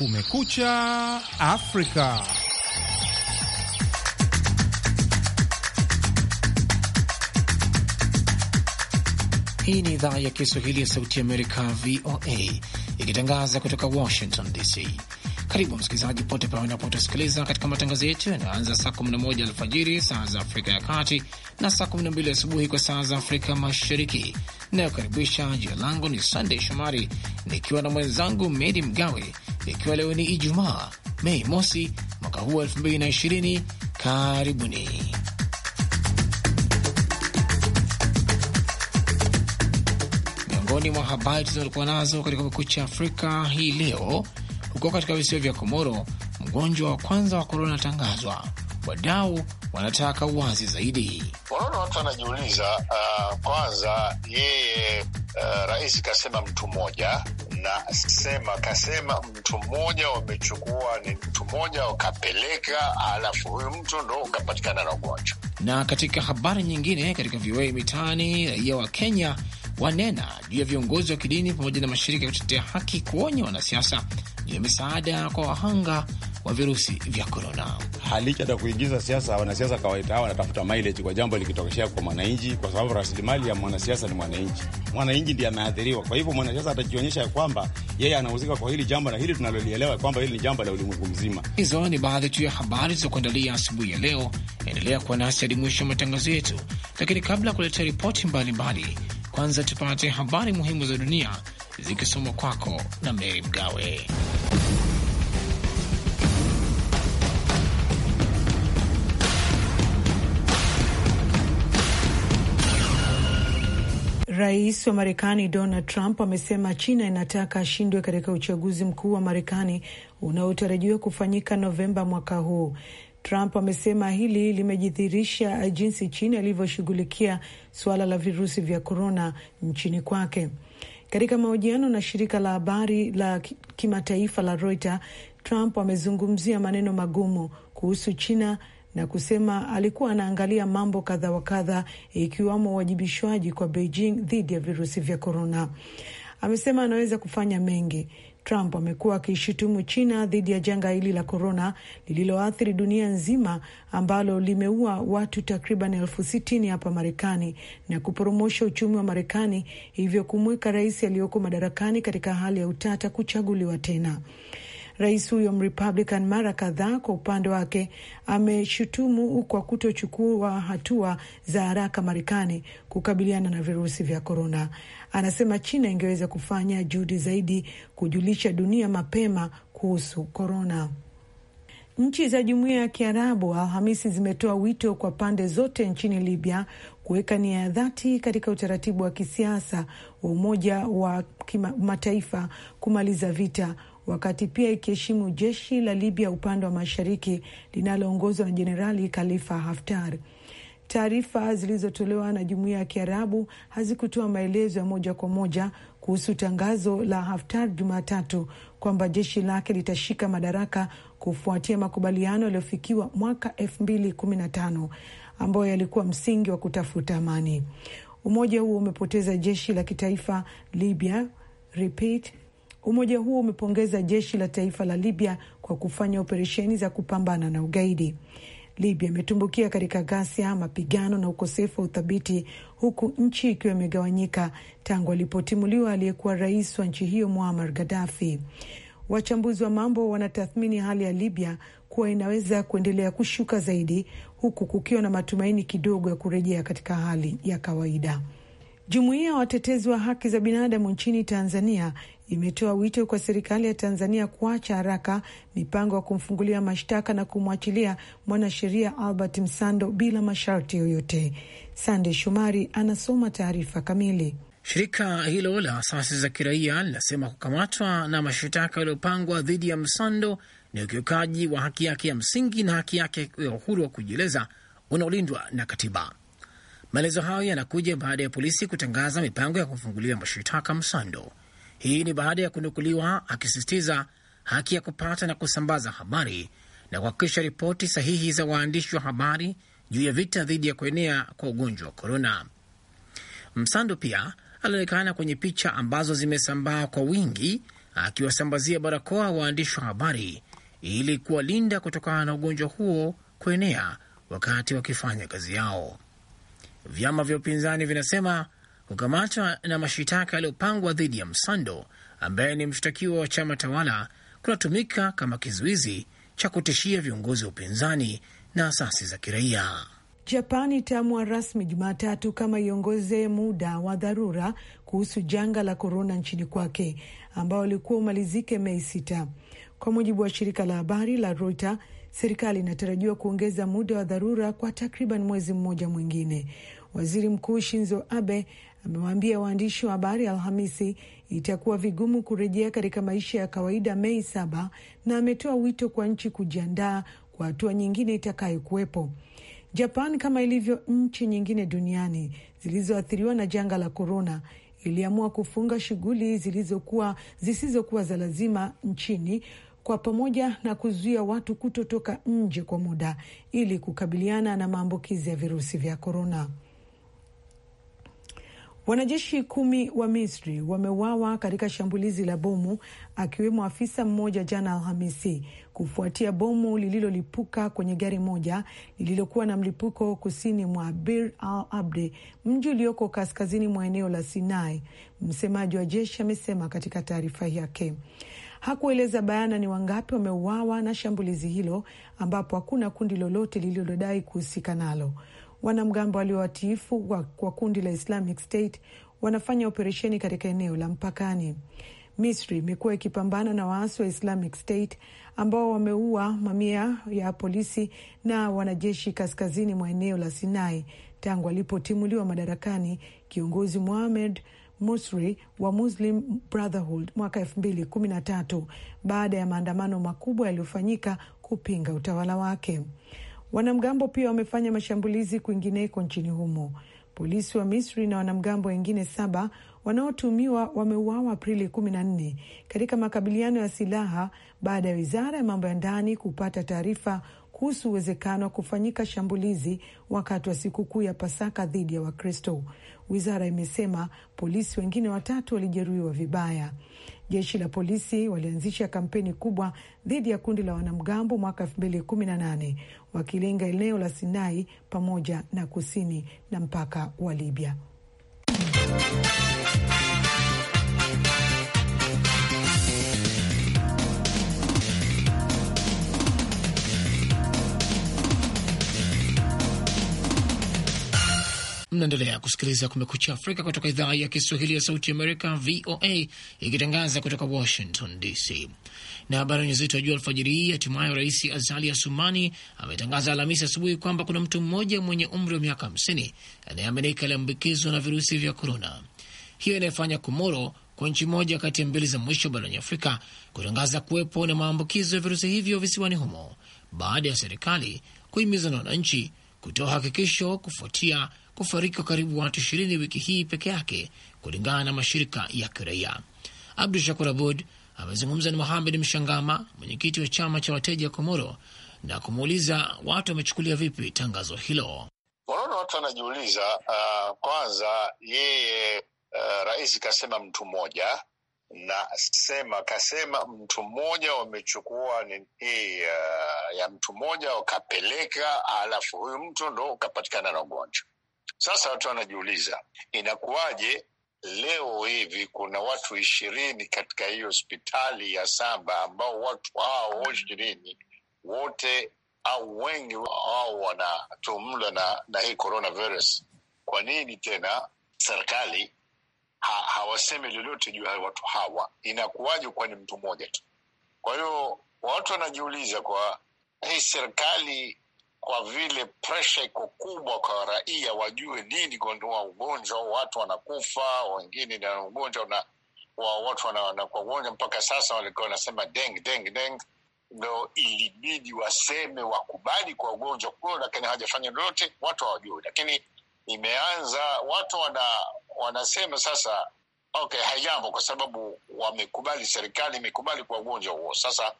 Kumekucha Afrika. Hii ni idhaa ya Kiswahili ya Sauti ya Amerika, VOA, ikitangaza kutoka Washington DC. Karibu msikilizaji pote pale unapotusikiliza katika matangazo yetu yanaanza saa 11 alfajiri saa za Afrika ya Kati na saa 12 asubuhi kwa saa za Afrika Mashariki. Inayokaribisha jina langu ni Sandey Shomari nikiwa na mwenzangu Medi Mgawe ikiwa leo ni Ijumaa Mei mosi mwaka huu 220 Karibuni miongoni mwa habari tulizokuwa nazo katika Kumekucha Afrika hii leo, huko katika visiwa vya Komoro mgonjwa wa kwanza wa korona atangazwa wadau wanataka wazi zaidi. Unaona, watu wanajiuliza uh, kwanza yeye uh, rais kasema mtu mmoja na sema kasema mtu mmoja, wamechukua ni mtu mmoja wakapeleka, alafu huyu mtu ndo ukapatikana na ugonjwa. Na katika habari nyingine, katika VOA Mitaani, raia wa Kenya wanena juu ya viongozi wa kidini pamoja na mashirika ya kutetea haki kuonya wanasiasa juu ya misaada kwa wahanga wa virusi vya korona. Halicha ta kuingiza siasa, wanasiasa kawaita hawa wanatafuta mileji kwa jambo likitokeshea kwa mwananchi, kwa sababu rasilimali ya mwanasiasa ni mwananchi. Mwananchi ndiye ameathiriwa, kwa hivyo mwanasiasa atajionyesha ya kwamba yeye anahusika kwa hili jambo, na hili tunalolielewa kwamba hili ni jambo la ulimwengu mzima. Hizo ni baadhi tu ya habari za kuandalia asubuhi ya leo. Endelea kuwa nasi hadi mwisho wa matangazo yetu, lakini kabla ya kuletea ripoti mbalimbali, kwanza tupate habari muhimu za dunia zikisomwa kwako na Mary Mgawe. Rais wa Marekani Donald Trump amesema China inataka ashindwe katika uchaguzi mkuu wa Marekani unaotarajiwa kufanyika Novemba mwaka huu. Trump amesema hili limejidhihirisha jinsi China ilivyoshughulikia suala la virusi vya korona nchini kwake. Katika mahojiano na shirika la habari la kimataifa la Reuters, Trump amezungumzia maneno magumu kuhusu China na kusema alikuwa anaangalia mambo kadha wa kadha, ikiwamo uwajibishwaji kwa Beijing dhidi ya virusi vya korona. Amesema anaweza kufanya mengi. Trump amekuwa akishutumu China dhidi ya janga hili la korona lililoathiri dunia nzima ambalo limeua watu takriban elfu sitini hapa Marekani na kuporomosha uchumi wa Marekani, hivyo kumweka rais aliyoko madarakani katika hali ya utata kuchaguliwa tena. Rais huyo Mrepublican mara kadhaa kwa upande wake ameshutumu kwa kutochukua hatua za haraka Marekani kukabiliana na virusi vya korona. Anasema China ingeweza kufanya juhudi zaidi kujulisha dunia mapema kuhusu korona. Nchi za jumuiya ya Kiarabu Alhamisi zimetoa wito kwa pande zote nchini Libya kuweka nia ya dhati katika utaratibu wa kisiasa wa Umoja wa Mataifa kumaliza vita wakati pia ikiheshimu jeshi la Libya upande wa mashariki linaloongozwa na Jenerali Khalifa Haftar. Taarifa zilizotolewa na jumuiya ya Kiarabu hazikutoa maelezo ya moja kwa moja kuhusu tangazo la Haftar Jumatatu kwamba jeshi lake litashika madaraka kufuatia makubaliano yaliyofikiwa mwaka elfu mbili kumi na tano ambayo yalikuwa msingi wa kutafuta amani. Umoja huo umepoteza jeshi la kitaifa Libya repeat Umoja huo umepongeza jeshi la taifa la Libya kwa kufanya operesheni za kupambana na ugaidi. Libya imetumbukia katika ghasia, mapigano na ukosefu wa uthabiti, huku nchi ikiwa imegawanyika tangu alipotimuliwa aliyekuwa rais wa nchi hiyo Muammar Gaddafi. Wachambuzi wa mambo wanatathmini hali ya Libya kuwa inaweza kuendelea kushuka zaidi, huku kukiwa na matumaini kidogo ya kurejea katika hali ya kawaida. Jumuiya ya watetezi wa haki za binadamu nchini Tanzania imetoa wito kwa serikali ya Tanzania kuacha haraka mipango ya kumfungulia mashtaka na kumwachilia mwanasheria Albert Msando bila masharti yoyote. Sande Shomari anasoma taarifa kamili. Shirika hilo la asasi za kiraia linasema kukamatwa na mashitaka yaliyopangwa dhidi ya Msando ni ukiukaji wa haki yake ya msingi na haki yake ya uhuru wa kujieleza unaolindwa na katiba. Maelezo hayo yanakuja baada ya polisi kutangaza mipango ya kumfungulia mashitaka Msando hii ni baada ya kunukuliwa akisisitiza haki ya kupata na kusambaza habari na kuhakikisha ripoti sahihi za waandishi wa habari juu ya vita dhidi ya kuenea kwa ugonjwa wa korona. Msando pia alionekana kwenye picha ambazo zimesambaa kwa wingi akiwasambazia barakoa waandishi wa habari ili kuwalinda kutokana na ugonjwa huo kuenea wakati wakifanya kazi yao. Vyama vya upinzani vinasema kukamatwa na mashitaka yaliyopangwa dhidi ya Msando ambaye ni mshtakiwa wa chama tawala kunatumika kama kizuizi cha kutishia viongozi wa upinzani na asasi za kiraia. Japani itaamua rasmi Jumatatu kama iongoze muda wa dharura kuhusu janga la korona nchini kwake ambao ulikuwa umalizike Mei sita, kwa mujibu wa shirika la habari la Reuters. Serikali inatarajiwa kuongeza muda wa dharura kwa takriban mwezi mmoja mwingine. Waziri Mkuu Shinzo Abe amewaambia waandishi wa habari Alhamisi itakuwa vigumu kurejea katika maisha ya kawaida Mei saba, na ametoa wito kwa nchi kujiandaa kwa hatua nyingine itakayokuwepo. Japan kama ilivyo nchi nyingine duniani zilizoathiriwa na janga la korona iliamua kufunga shughuli zilizokuwa zisizokuwa za lazima nchini kwa pamoja na kuzuia watu kutotoka nje kwa muda ili kukabiliana na maambukizi ya virusi vya korona. Wanajeshi kumi wa Misri wameuawa katika shambulizi la bomu akiwemo afisa mmoja jana Alhamisi kufuatia bomu lililolipuka kwenye gari moja lililokuwa na mlipuko kusini mwa Bir al Abde, mji ulioko kaskazini mwa eneo la Sinai. Msemaji wa jeshi amesema katika taarifa yake Hakueleza bayana ni wangapi wameuawa na shambulizi hilo, ambapo hakuna kundi lolote lililodai kuhusika nalo. Wanamgambo waliowatiifu wa, wa kundi la Islamic State wanafanya operesheni katika eneo la mpakani. Misri imekuwa ikipambana na waasi wa Islamic State ambao wameua mamia ya polisi na wanajeshi kaskazini mwa eneo la Sinai tangu alipotimuliwa madarakani kiongozi Mohamed Musri wa Muslim Brotherhood mwaka elfu mbili kumi na tatu baada ya maandamano makubwa yaliyofanyika kupinga utawala wake. Wanamgambo pia wamefanya mashambulizi kwingineko nchini humo. Polisi wa Misri na wanamgambo wengine saba wanaotumiwa wameuawa Aprili kumi nne katika makabiliano ya silaha baada ya wizara ya mambo ya ndani kupata taarifa kuhusu uwezekano wa kufanyika shambulizi wakati wa sikukuu ya Pasaka dhidi ya Wakristo. Wizara imesema polisi wengine watatu walijeruhiwa vibaya. Jeshi la polisi walianzisha kampeni kubwa dhidi ya kundi la wanamgambo mwaka nane wakilenga eneo la Sinai pamoja na kusini na mpaka wa Libya. Mnaendelea kusikiliza Kumekucha Afrika kutoka idhaa ya Kiswahili ya Sauti Amerika, VOA, ikitangaza kutoka Washington DC. Na habari yenye uzito wa juu alfajiri hii, hatimaye Rais Azali Asumani ametangaza Alhamisi asubuhi kwamba kuna mtu mmoja mwenye umri wa miaka 50 anayeaminika aliambukizwa na virusi vya korona, hiyo inayofanya Komoro kwa nchi moja kati ya mbili za mwisho barani Afrika kutangaza kuwepo na maambukizo ya virusi hivyo visiwani humo baada ya serikali kuhimizwa na wananchi kutoa hakikisho kufuatia kufariki kwa karibu watu ishirini wiki hii peke yake, kulingana na mashirika ya kiraia. Abdu Shakur Abud amezungumza na muhamed Mshangama, mwenyekiti wa chama cha wateja Komoro, na kumuuliza watu wamechukulia vipi tangazo hilo. Unaona, watu wanajiuliza uh, kwanza yeye uh, rais kasema mtu mmoja na sema kasema mtu mmoja wamechukua hii uh, ya mtu mmoja wakapeleka, alafu huyu mtu ndo ukapatikana na ugonjwa. Sasa watu wanajiuliza inakuwaje leo hivi kuna watu ishirini katika hii hospitali ya saba ambao watu hao ishirini wote au wengi wao wanatumla na, na hii coronavirus. Kwa nini tena serikali ha, hawasemi lolote juu ya watu hawa? Inakuwaje kuwa ni mtu mmoja tu? Kwa hiyo watu wanajiuliza kwa hii serikali kwa vile presha iko kubwa kwa raia, wajue nini gondoa ugonjwa, watu wanakufa wengine na ugonjwa na wa watu wanakuwa ugonjwa. Mpaka sasa walikuwa wanasema deng deng deng, ndo ilibidi waseme wakubali kwa ugonjwa kuo, lakini hawajafanya lolote, watu hawajui. Lakini imeanza watu wana, wanasema sasa okay, haijambo kwa sababu wamekubali, serikali imekubali kwa ugonjwa huo, sasa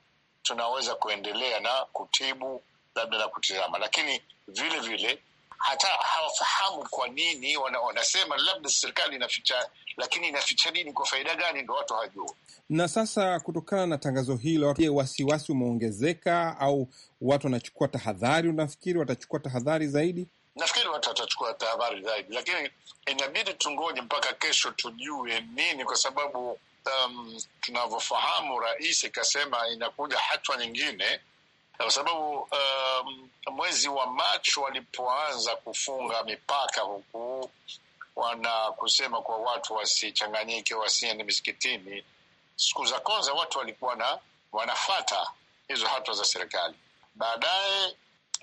tunaweza kuendelea na kutibu labda la kutizama, lakini vile vile hata hawafahamu kwa nini wanasema labda serikali inaficha, lakini inaficha nini? Kwa faida gani? Ndo watu hawajua. Na sasa kutokana na tangazo hilo, wasiwasi umeongezeka au watu wanachukua tahadhari? Unafikiri watachukua tahadhari zaidi? Nafikiri watu watachukua tahadhari zaidi, lakini inabidi tungoje mpaka kesho tujue nini, kwa sababu um, tunavyofahamu rais ikasema inakuja hatua nyingine kwa sababu um, mwezi wa Machi walipoanza kufunga mipaka huku wana kusema kwa watu wasichanganyike, wasiende misikitini. Siku za kwanza watu walikuwa na wanafata hizo hatua za serikali. Baadaye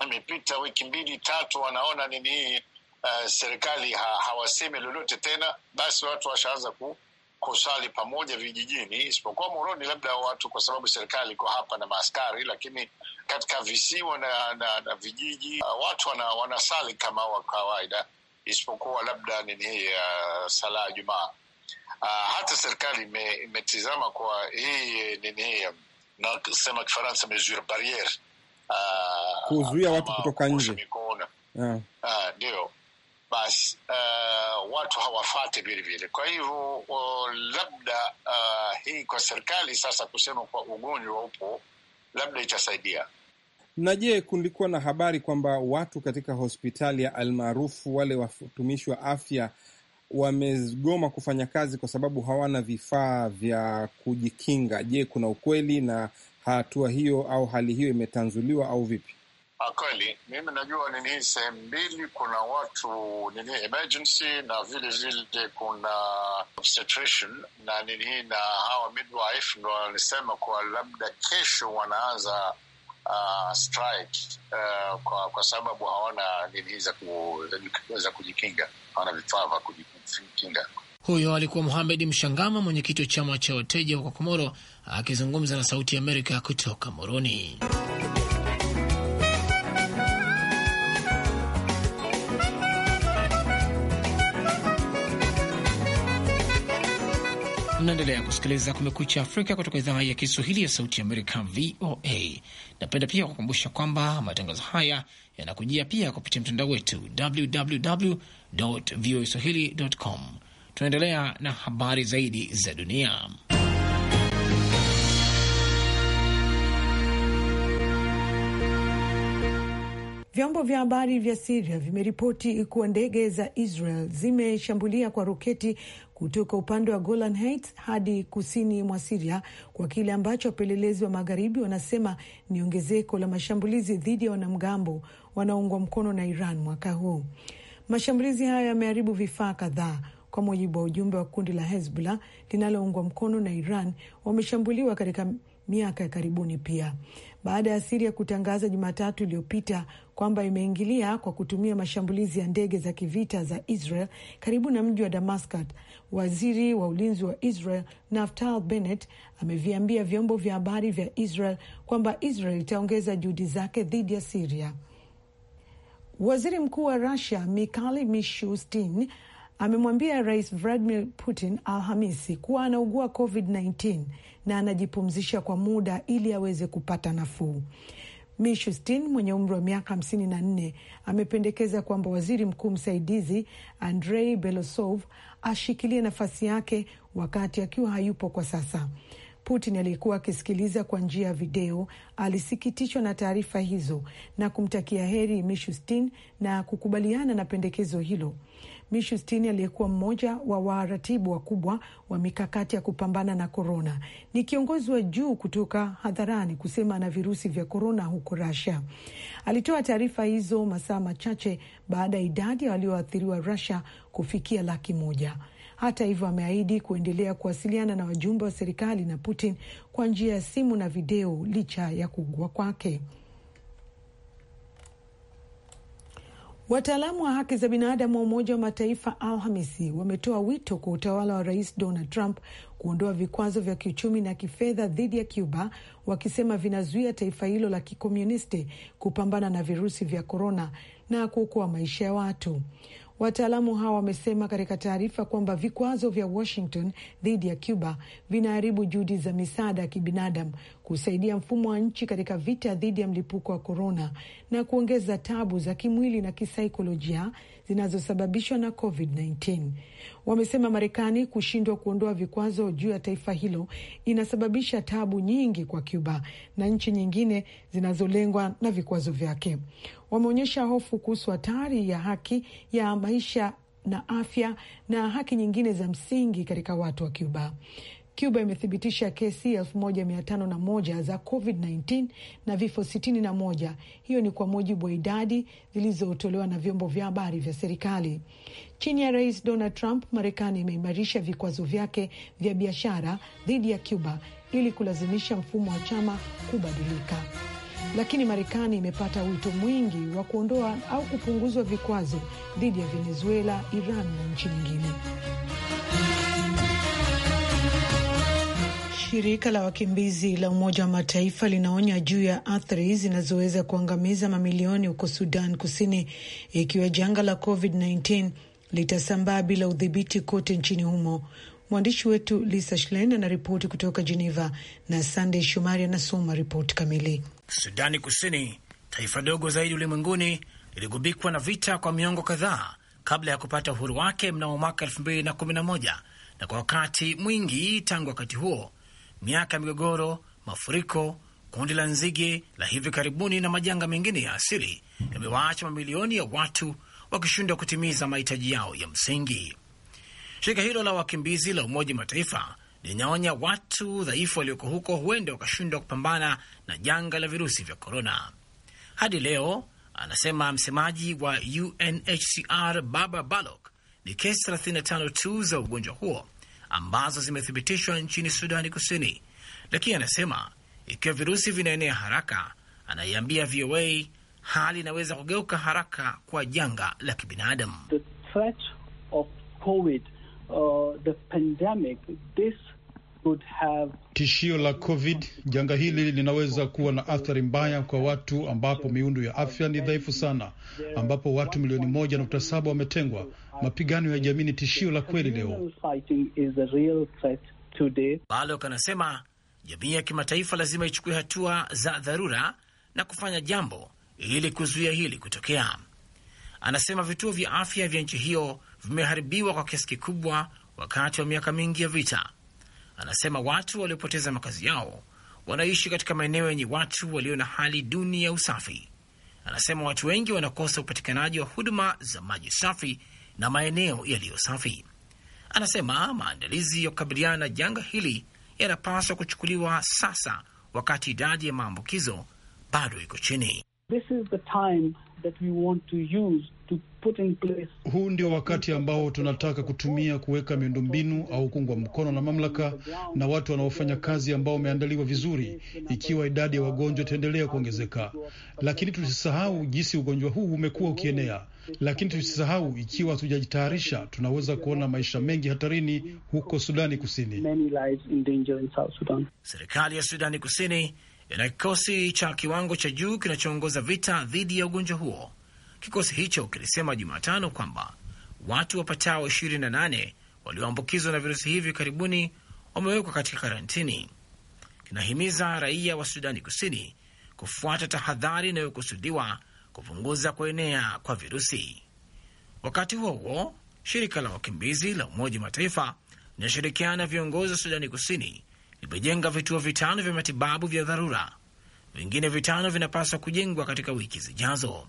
imepita wiki mbili tatu, wanaona nini hii, uh, serikali ha, hawasemi lolote tena, basi watu washaanza ku kusali pamoja vijijini, isipokuwa Moroni labda watu, kwa sababu serikali iko hapa na maaskari, lakini katika visiwa na, na, na vijiji uh, watu wana, wanasali kama wa kawaida, isipokuwa labda nini uh, sala ya Jumaa. Uh, hata serikali imetizama kwa hii nini, nasema Kifaransa mesure barriere, uh, kuzuia watu kutoka nje, uh, ndio basi uh, watu hawafate vilevile. Kwa hivyo uh, labda uh, hii kwa serikali sasa kusema kwa ugonjwa upo labda itasaidia. Na je, kulikuwa na habari kwamba watu katika hospitali ya almaarufu wale watumishi wa afya wamegoma kufanya kazi kwa sababu hawana vifaa vya kujikinga? Je, kuna ukweli na hatua hiyo au hali hiyo imetanzuliwa au vipi? Ah, kweli mimi najua nini hii sehemu mbili, kuna watu nini emergency na vile vile kuna obstetrician na nini hii, na hawa midwife ndo wanisema kuwa labda kesho wanaanza uh, strike uh, kwa, kwa sababu hawana nini hii za kujikinga, hawana vifaa vya kujikinga. Huyo alikuwa Muhamedi Mshangama, mwenyekiti wa chama cha wateja wa Komoro, akizungumza na Sauti ya Amerika kutoka Moroni. Mnaendelea kusikiliza Kumekucha Afrika kutoka idhaa ya Kiswahili ya Sauti ya Amerika, VOA. Napenda pia kukumbusha kwamba matangazo haya yanakujia pia kupitia mtandao wetu www voa swahili com. Tunaendelea na habari zaidi za dunia. Vyombo vya habari vya Siria vimeripoti kuwa ndege za Israel zimeshambulia kwa roketi kutoka upande wa Golan Heights hadi kusini mwa Siria kwa kile ambacho wapelelezi wa magharibi wanasema ni ongezeko la mashambulizi dhidi ya wanamgambo wanaoungwa mkono na Iran mwaka huu. Mashambulizi hayo yameharibu vifaa kadhaa. Kwa mujibu wa ujumbe wa kundi la Hezbollah linaloungwa mkono na Iran, wameshambuliwa katika miaka ya karibuni pia, baada ya Siria kutangaza Jumatatu iliyopita kwamba imeingilia kwa kutumia mashambulizi ya ndege za kivita za Israel karibu na mji wa Damascus. Waziri wa ulinzi wa Israel Naftali Bennett ameviambia vyombo vya habari vya Israel kwamba Israel itaongeza juhudi zake dhidi ya Siria. Waziri mkuu wa Rusia Mikhail Mishustin amemwambia rais Vladimir Putin Alhamisi kuwa anaugua COVID-19 na anajipumzisha kwa muda ili aweze kupata nafuu. Mishustin mwenye umri wa miaka na nne amependekeza kwamba waziri mkuu msaidizi Andrei Belosov ashikilie nafasi yake wakati akiwa hayupo kwa sasa. Putin aliyekuwa akisikiliza kwa njia ya video alisikitishwa na taarifa hizo na kumtakia heri Mishustin na kukubaliana na pendekezo hilo. Mishustin aliyekuwa mmoja wa waratibu wakubwa wa mikakati ya kupambana na korona, ni kiongozi wa juu kutoka hadharani kusema ana virusi vya korona huko rasia Alitoa taarifa hizo masaa machache baada ya idadi ya walioathiriwa rasia kufikia laki moja. Hata hivyo ameahidi kuendelea kuwasiliana na wajumbe wa serikali na Putin kwa njia ya simu na video licha ya kuugua kwake. Wataalamu wa haki za binadamu wa Umoja wa Mataifa Alhamisi wametoa wito kwa utawala wa Rais Donald Trump kuondoa vikwazo vya kiuchumi na kifedha dhidi ya Cuba, wakisema vinazuia taifa hilo la kikomunisti kupambana na virusi vya korona na kuokoa maisha ya watu. Wataalamu hawa wamesema katika taarifa kwamba vikwazo vya Washington dhidi ya Cuba vinaharibu juhudi za misaada ya kibinadamu kusaidia mfumo wa nchi katika vita dhidi ya mlipuko wa korona na kuongeza tabu za kimwili na kisaikolojia zinazosababishwa na COVID-19 wamesema Marekani kushindwa kuondoa vikwazo juu ya taifa hilo inasababisha tabu nyingi kwa Cuba na nchi nyingine zinazolengwa na vikwazo vyake. Wameonyesha hofu kuhusu hatari ya haki ya maisha na afya na haki nyingine za msingi katika watu wa Cuba. Cuba imethibitisha kesi elfu moja mia tano na moja za COVID-19 na vifo sitini na moja. Hiyo ni kwa mujibu wa idadi zilizotolewa na vyombo vya habari vya serikali. Chini ya Rais Donald Trump, Marekani imeimarisha vikwazo vyake vya biashara dhidi ya Cuba ili kulazimisha mfumo wa chama kubadilika. Lakini Marekani imepata wito mwingi wa kuondoa au kupunguzwa vikwazo dhidi ya Venezuela, Iran na nchi nyingine. Shirika la wakimbizi la Umoja wa Mataifa linaonya juu ya athari zinazoweza kuangamiza mamilioni huko Sudan Kusini ikiwa janga la COVID-19 litasambaa bila udhibiti kote nchini humo. Mwandishi wetu Lisa Schlein anaripoti kutoka Geneva na Sandey Shomari anasoma ripoti kamili. Sudani Kusini, taifa dogo zaidi ulimwenguni, liligubikwa na vita kwa miongo kadhaa kabla ya kupata uhuru wake mnamo mwaka 2011 na kwa wakati mwingi tangu wakati huo miaka ya migogoro, mafuriko, kundi la nzige la hivi karibuni na majanga mengine ya asili yamewaacha mamilioni ya watu wakishindwa kutimiza mahitaji yao ya msingi. Shirika hilo la wakimbizi la Umoja Mataifa linaonya watu dhaifu walioko huko huenda wakashindwa kupambana na janga la virusi vya korona. Hadi leo, anasema msemaji wa UNHCR Baba Balok, ni kesi 35 tu za ugonjwa huo ambazo zimethibitishwa nchini Sudani Kusini, lakini anasema ikiwa virusi vinaenea haraka, anaiambia VOA hali inaweza kugeuka haraka kwa janga la kibinadamu. Uh, Tishio la COVID, janga hili linaweza kuwa na athari mbaya kwa watu ambapo miundo ya afya ni dhaifu sana, ambapo watu milioni moja nukta saba wametengwa Mapigano ya jamii ni tishio la kweli leo. Balok anasema jamii ya kimataifa lazima ichukue hatua za dharura na kufanya jambo ili kuzuia hili kutokea. Anasema vituo vya afya vya nchi hiyo vimeharibiwa kwa kiasi kikubwa wakati wa miaka mingi ya vita. Anasema watu waliopoteza makazi yao wanaishi katika maeneo yenye watu walio na hali duni ya usafi. Anasema watu wengi wanakosa upatikanaji wa huduma za maji safi na maeneo yaliyo safi. Anasema maandalizi ya kukabiliana na janga hili yanapaswa kuchukuliwa sasa, wakati idadi ya maambukizo bado iko chini. Huu ndio wakati ambao tunataka kutumia kuweka miundombinu au kuungwa mkono na mamlaka na watu wanaofanya kazi ambao wameandaliwa vizuri, ikiwa idadi ya wagonjwa itaendelea kuongezeka. Lakini tusisahau jinsi ugonjwa huu umekuwa ukienea lakini tusisahau, ikiwa hatujajitayarisha, tunaweza kuona maisha mengi hatarini huko Sudani Kusini. Serikali ya Sudani Kusini ina kikosi cha kiwango cha juu kinachoongoza vita dhidi ya ugonjwa huo. Kikosi hicho kilisema Jumatano kwamba watu wapatao 28 walioambukizwa na virusi hivi karibuni wamewekwa katika karantini. Kinahimiza raia wa Sudani Kusini kufuata tahadhari inayokusudiwa kupunguza kuenea kwa virusi. Wakati huo huo, shirika la wakimbizi la Umoja wa Mataifa linashirikiana viongozi wa Sudani Kusini limejenga vituo vitano vya matibabu vya dharura. Vingine vitano vinapaswa kujengwa katika wiki zijazo.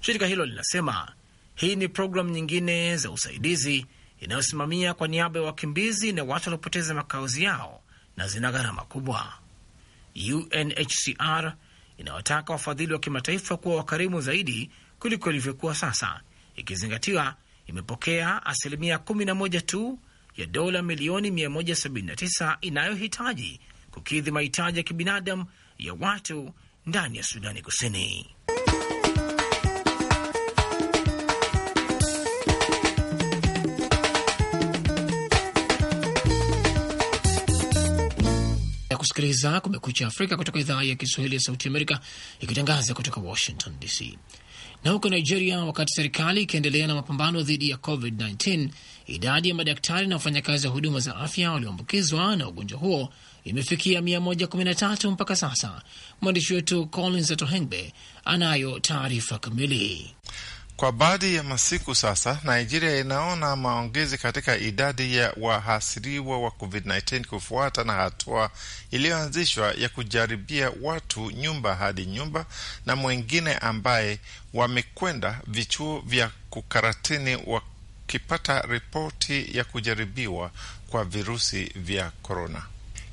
Shirika hilo linasema hii ni programu nyingine za usaidizi inayosimamia kwa niaba ya wakimbizi na watu waliopoteza makazi yao na zina gharama kubwa. UNHCR inawataka wafadhili wa kimataifa kuwa wakarimu zaidi kuliko ilivyokuwa sasa, ikizingatiwa imepokea asilimia 11 tu ya dola milioni 179 inayohitaji kukidhi mahitaji ya kibinadamu ya watu ndani ya Sudani Kusini. kusikiliza Kumekucha Afrika kutoka idhaa ya Kiswahili ya Sauti Amerika ikitangaza kutoka Washington DC. Na huko Nigeria, wakati serikali ikiendelea na mapambano dhidi ya COVID-19, idadi ya madaktari na wafanyakazi wa huduma za afya walioambukizwa na ugonjwa huo imefikia 113 mpaka sasa. Mwandishi wetu Collins Atohengbe anayo taarifa kamili. Kwa baadhi ya masiku sasa, Nigeria inaona maongezi katika idadi ya wahasiriwa wa COVID-19 kufuata na hatua iliyoanzishwa ya kujaribia watu nyumba hadi nyumba na mwengine ambaye wamekwenda vichuo vya kukaratini wakipata ripoti ya kujaribiwa kwa virusi vya korona.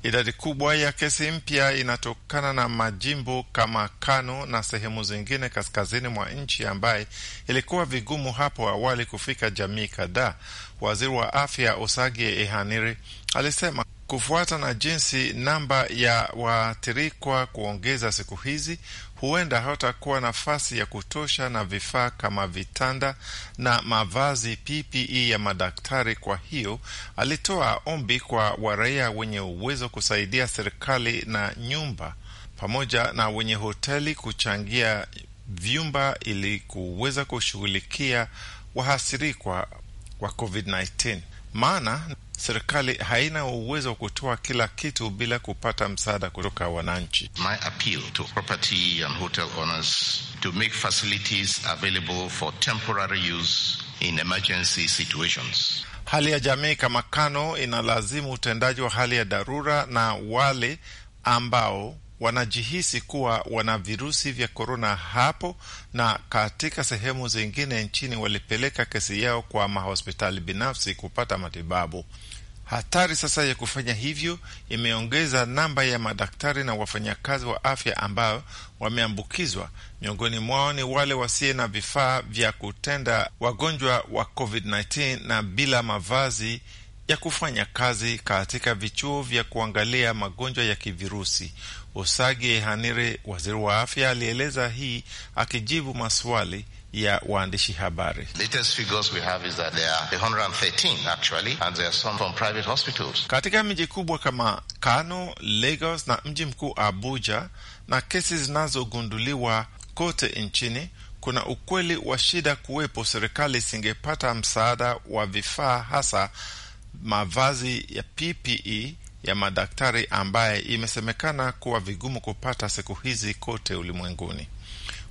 Idadi kubwa ya kesi mpya inatokana na majimbo kama Kano na sehemu zingine kaskazini mwa nchi ambaye ilikuwa vigumu hapo awali kufika jamii kadhaa. Waziri wa afya Osagie Ehaniri alisema kufuata na jinsi namba ya waathirikwa kuongeza siku hizi, huenda hawatakuwa nafasi ya kutosha na vifaa kama vitanda na mavazi PPE ya madaktari. Kwa hiyo alitoa ombi kwa waraia wenye uwezo kusaidia serikali na nyumba pamoja na wenye hoteli kuchangia vyumba ili kuweza kushughulikia wahasirikwa wa COVID-19 maana serikali haina uwezo wa kutoa kila kitu bila kupata msaada kutoka wananchi. My appeal to property and hotel owners to make facilities available for temporary use in emergency situations. Hali ya jamii kama Kano inalazimu utendaji wa hali ya dharura na wale ambao wanajihisi kuwa wana virusi vya korona hapo, na katika sehemu zingine nchini walipeleka kesi yao kwa mahospitali binafsi kupata matibabu. Hatari sasa ya kufanya hivyo imeongeza namba ya madaktari na wafanyakazi wa afya ambao wameambukizwa. Miongoni mwao ni wale wasiye na vifaa vya kutenda wagonjwa wa COVID-19 na bila mavazi ya kufanya kazi katika vichuo vya kuangalia magonjwa ya kivirusi. Osage Hanire, waziri wa afya, alieleza hii akijibu maswali ya waandishi habari. Katika miji kubwa kama Kano, Lagos na mji mkuu Abuja, na kesi zinazogunduliwa kote nchini, kuna ukweli wa shida kuwepo, serikali isingepata msaada wa vifaa hasa mavazi ya PPE ya madaktari ambaye imesemekana kuwa vigumu kupata siku hizi kote ulimwenguni.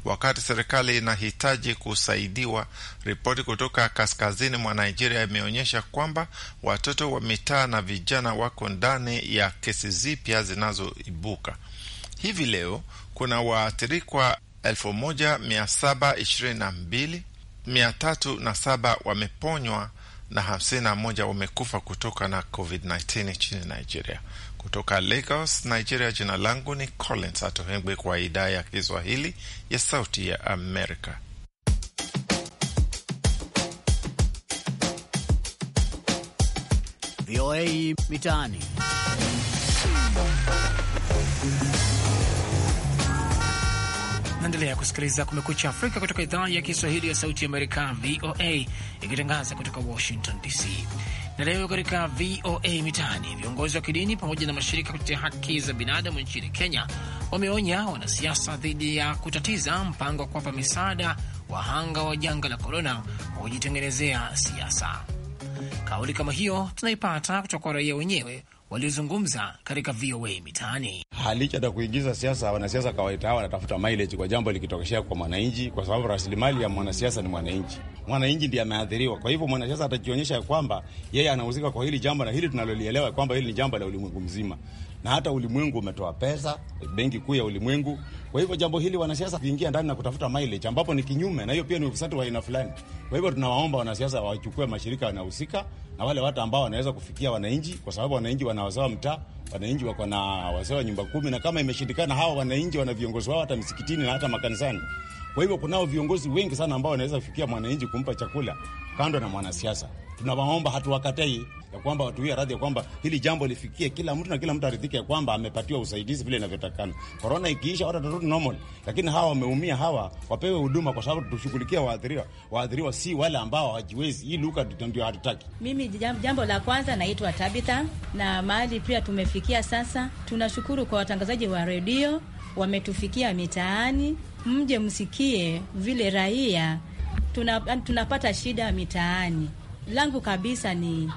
Wakati serikali inahitaji kusaidiwa, ripoti kutoka kaskazini mwa Nigeria imeonyesha kwamba watoto wa mitaa na vijana wako ndani ya kesi zipya zinazoibuka hivi leo. Kuna waathirikwa 1722, 307 wameponywa na hamsini na moja wamekufa kutoka na COVID-19 nchini Nigeria. Kutoka Lagos, Nigeria, jina langu ni Collins Atohengwe kwa idhaa ya Kiswahili ya Sauti ya Amerika. VOA Mitaani. Naendelea kusikiliza Kumekucha Afrika kutoka idhaa ya Kiswahili ya Sauti ya Amerika, VOA, ikitangaza kutoka Washington DC. Na leo katika VOA Mitaani, viongozi wa kidini pamoja na mashirika kutetea haki za binadamu nchini Kenya wameonya wanasiasa dhidi ya kutatiza mpango wa kuwapa misaada wahanga wa janga la korona wa kujitengenezea siasa. Kauli kama hiyo tunaipata kutoka kwa raia wenyewe waliozungumza katika VOA Mitaani. halicha ta kuingiza siasa, wanasiasa kawaita hawa wanatafuta mileage kwa jambo likitokeshea kwa mwananchi, kwa sababu rasilimali ya mwanasiasa ni mwananchi. Mwananchi ndiye ameathiriwa, kwa hivyo mwanasiasa atajionyesha kwamba yeye anahusika kwa hili jambo, na hili tunalolielewa kwamba hili ni jambo la ulimwengu mzima na hata ulimwengu umetoa pesa, benki kuu ya ulimwengu. Kwa hivyo jambo hili wanasiasa kuingia ndani na kutafuta mileage, ambapo ni kinyume, na hiyo pia ni ufisadi wa aina fulani. Kwa hivyo tunawaomba wanasiasa wachukue mashirika yanayohusika na wale watu ambao wanaweza kufikia wananchi, kwa sababu wananchi wana wazee wa mtaa, wananchi wako na wazee wa nyumba kumi, na kama imeshindikana, hawa wananchi wana viongozi wao hata misikitini na hata makanisani. Kwa hivyo kunao viongozi wengi sana ambao wanaweza kufikia mwananchi kumpa chakula kando na mwanasiasa. Tunawaomba, hatuwakatai ya kwamba watuwie radhi ya kwamba hili jambo lifikie kila mtu na kila mtu aridhike ya kwamba amepatiwa usaidizi vile inavyotakana. Korona ikiisha watu watarudi normal, lakini hawa wameumia, hawa wapewe huduma, kwa sababu tushughulikia waathiriwa. Waathiriwa si wale ambao hawajiwezi. Hii luka ndio hatutaki. Mimi jambo la kwanza, naitwa Tabitha na mahali pia tumefikia sasa. Tunashukuru kwa watangazaji wa redio wametufikia mitaani mje msikie vile raia tuna, tunapata shida mitaani. Langu kabisa ni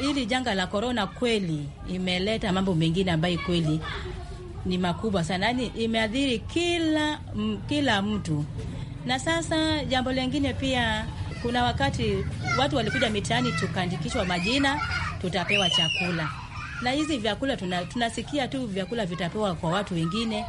hili janga la korona, kweli imeleta mambo mengine ambayo kweli ni makubwa sana, yaani imeathiri kila, m, kila mtu. Na sasa jambo lingine pia, kuna wakati watu walikuja mitaani, tukaandikishwa majina, tutapewa chakula na hizi vyakula tuna, tunasikia tu vyakula vitapewa kwa watu wengine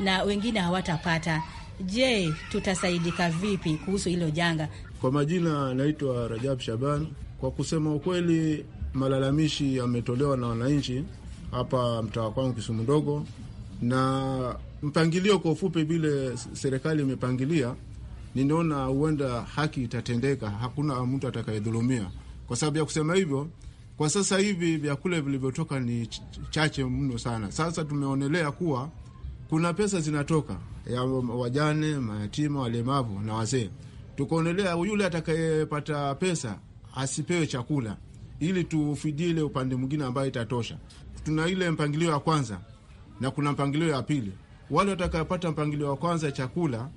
na wengine hawatapata. Je, tutasaidika vipi kuhusu hilo janga? Kwa majina naitwa Rajab Shaban. Kwa kusema ukweli, malalamishi yametolewa na wananchi hapa mtaa kwangu Kisumu ndogo, na mpangilio kwa ufupi, vile serikali imepangilia, ninaona huenda haki itatendeka, hakuna mtu atakayedhulumia. Kwa sababu ya kusema hivyo, kwa sasa hivi vyakula vilivyotoka ni chache mno sana. Sasa tumeonelea kuwa kuna pesa zinatoka ya wajane, mayatima, walemavu na wazee. Tukaonelea yule atakayepata pesa asipewe chakula, ili tufidile upande mwingine ambayo itatosha. Tuna ile mpangilio ya kwanza na kuna mpangilio ya pili. Wale watakayopata mpangilio wa kwanza chakula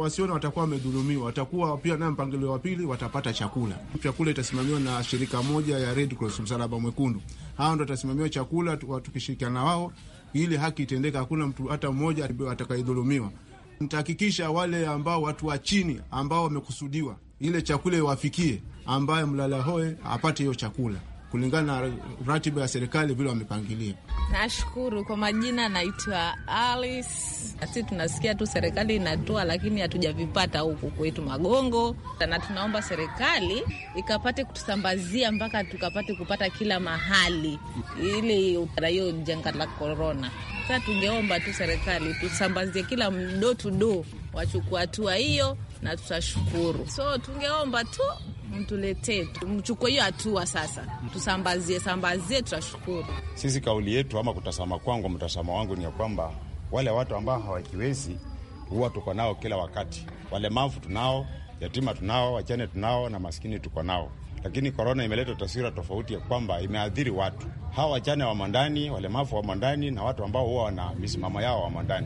wasiona watakuwa wamedhulumiwa, watakuwa pia naye mpangilio wa pili watapata chakula. Chakula itasimamiwa na shirika moja ya Red Cross, Msalaba Mwekundu. Hawa ndo watasimamiwa chakula, tukishirikiana wao ili haki itendeka, hakuna mtu hata mmoja atakayedhulumiwa. Nitahakikisha wale ambao watu wa chini ambao wamekusudiwa ile chakula iwafikie, ambaye mlalahoe apate hiyo chakula kulingana na ratiba ya serikali vile wamepangilia. Nashukuru. Kwa majina naitwa Alice. Sisi tunasikia tu serikali inatoa, lakini hatujavipata huku kwetu Magongo, na tunaomba serikali ikapate kutusambazia mpaka tukapate kupata kila mahali, ili hiyo janga la korona. Sa tungeomba tu serikali tusambazie kila mdo tudo, wachukua hatua hiyo na tutashukuru. So tungeomba tu mtuletee, mchukue hiyo hatua sasa, tusambazie sambazie, tutashukuru sisi. Kauli yetu ama kutazama kwangu, mtazamo wangu ni ya kwamba wale watu ambao hawakiwezi huwa tuko nao kila wakati. Walemavu tunao, yatima tunao, wachane tunao, na maskini tuko nao lakini korona imeleta taswira tofauti ya kwamba imeathiri watu hawa wachane wamwandani mwandani, walemavu wa mwandani na watu ambao huwa wana misimamo yao wa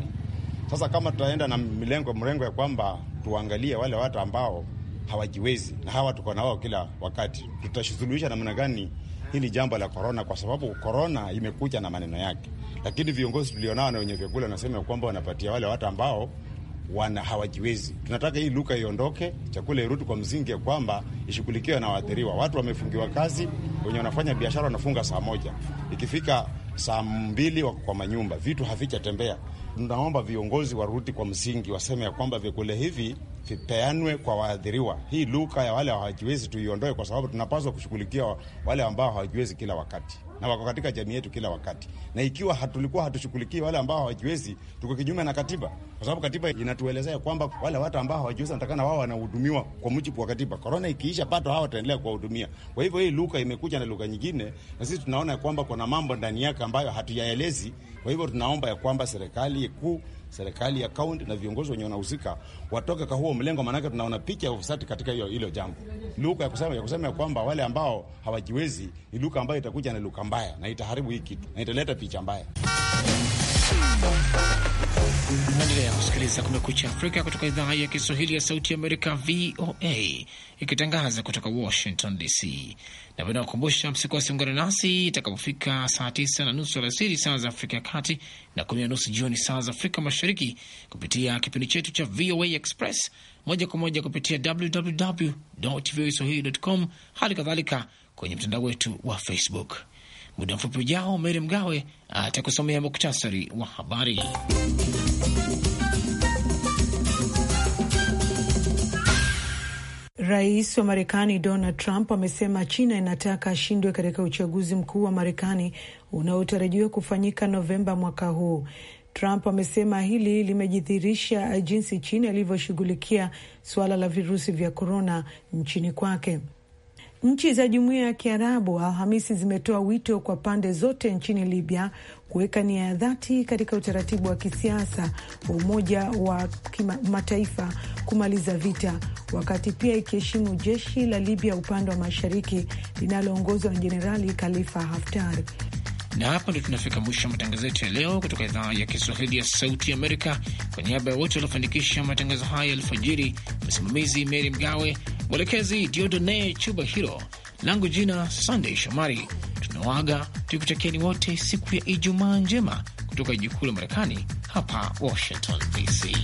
Sasa kama tutaenda na mlengo mrengo ya kwamba tuangalie wale watu ambao hawajiwezi, na hawa tuko na wao kila wakati. Tutashughulisha namna gani hili jambo la korona? Kwa sababu korona imekuja na maneno yake, lakini viongozi tulionao na wenye vyakula wanasema kwamba wanapatia wale watu ambao wana hawajiwezi. Tunataka hii luka iondoke, chakula irudi kwa msingi ya kwamba ishughulikiwe na waathiriwa. Watu wamefungiwa kazi, wenye wanafanya biashara wanafunga saa moja, ikifika saa mbili wako kwa manyumba, vitu havichatembea. Tunaomba viongozi warudi kwa msingi, waseme ya kwamba vyakula hivi vipeanwe kwa waathiriwa. Hii lugha ya wale hawajiwezi tuiondoe, kwa sababu tunapaswa kushughulikia wale ambao hawajiwezi kila wakati na wako katika jamii yetu kila wakati, na ikiwa hatulikuwa hatushughulikii wale ambao hawajiwezi, tuko kinyume na katiba, kwa sababu katiba inatuelezea kwamba wale watu ambao hawajiwezi natakana wao wanahudumiwa kwa mujibu wa katiba. Korona ikiisha, bado hawa wataendelea kuwahudumia. Kwa hivyo hii lugha imekuja na lugha nyingine, na sisi tunaona ya kwamba kuna mambo ndani yake ambayo hatuyaelezi. Kwa hivyo tunaomba ya kwamba serikali kuu serikali ya kaunti na viongozi wenye wanahusika watoke kwa huo mlengo, maanake tunaona picha ya ufisadi katika hiyo hilo jambo. Luka ya kusema ya kusema kwamba wale ambao hawajiwezi ni luka ambayo itakuja na luka mbaya na itaharibu hii kitu na italeta picha mbaya. Naendelea kusikiliza Kumekucha Afrika kutoka idhaa ya Kiswahili ya Sauti ya Amerika, VOA, ikitangaza kutoka Washington DC. Napenda kukumbusha msikose, ungana nasi itakapofika saa tisa na nusu alasiri saa za Afrika ya Kati na kumi na nusu jioni saa za Afrika Mashariki, kupitia kipindi chetu cha VOA Express moja kwa moja kupitia www voaswahili com, hali kadhalika kwenye mtandao wetu wa Facebook. Muda mfupi ujao, Meri Mgawe atakusomea muktasari wa habari. Rais wa Marekani Donald Trump amesema China inataka ashindwe katika uchaguzi mkuu wa Marekani unaotarajiwa kufanyika Novemba mwaka huu. Trump amesema hili limejidhihirisha jinsi China ilivyoshughulikia suala la virusi vya korona nchini kwake. Nchi za Jumuiya ya Kiarabu Alhamisi zimetoa wito kwa pande zote nchini Libya kuweka nia ya dhati katika utaratibu wa kisiasa wa Umoja wa Mataifa kumaliza vita, wakati pia ikiheshimu jeshi la Libya upande wa mashariki linaloongozwa na Jenerali Khalifa Haftar na hapa ndio tunafika mwisho matangazo yetu ya leo kutoka idhaa ya Kiswahili ya Sauti Amerika. Kwa niaba ya wote waliofanikisha matangazo haya alfajiri, msimamizi Meri Mgawe, mwelekezi Diodone Chuba Hiro, langu jina Sandey Shomari. Tunawaga tukutakieni wote siku ya Ijumaa njema kutoka jiji kuu la Marekani, hapa Washington DC.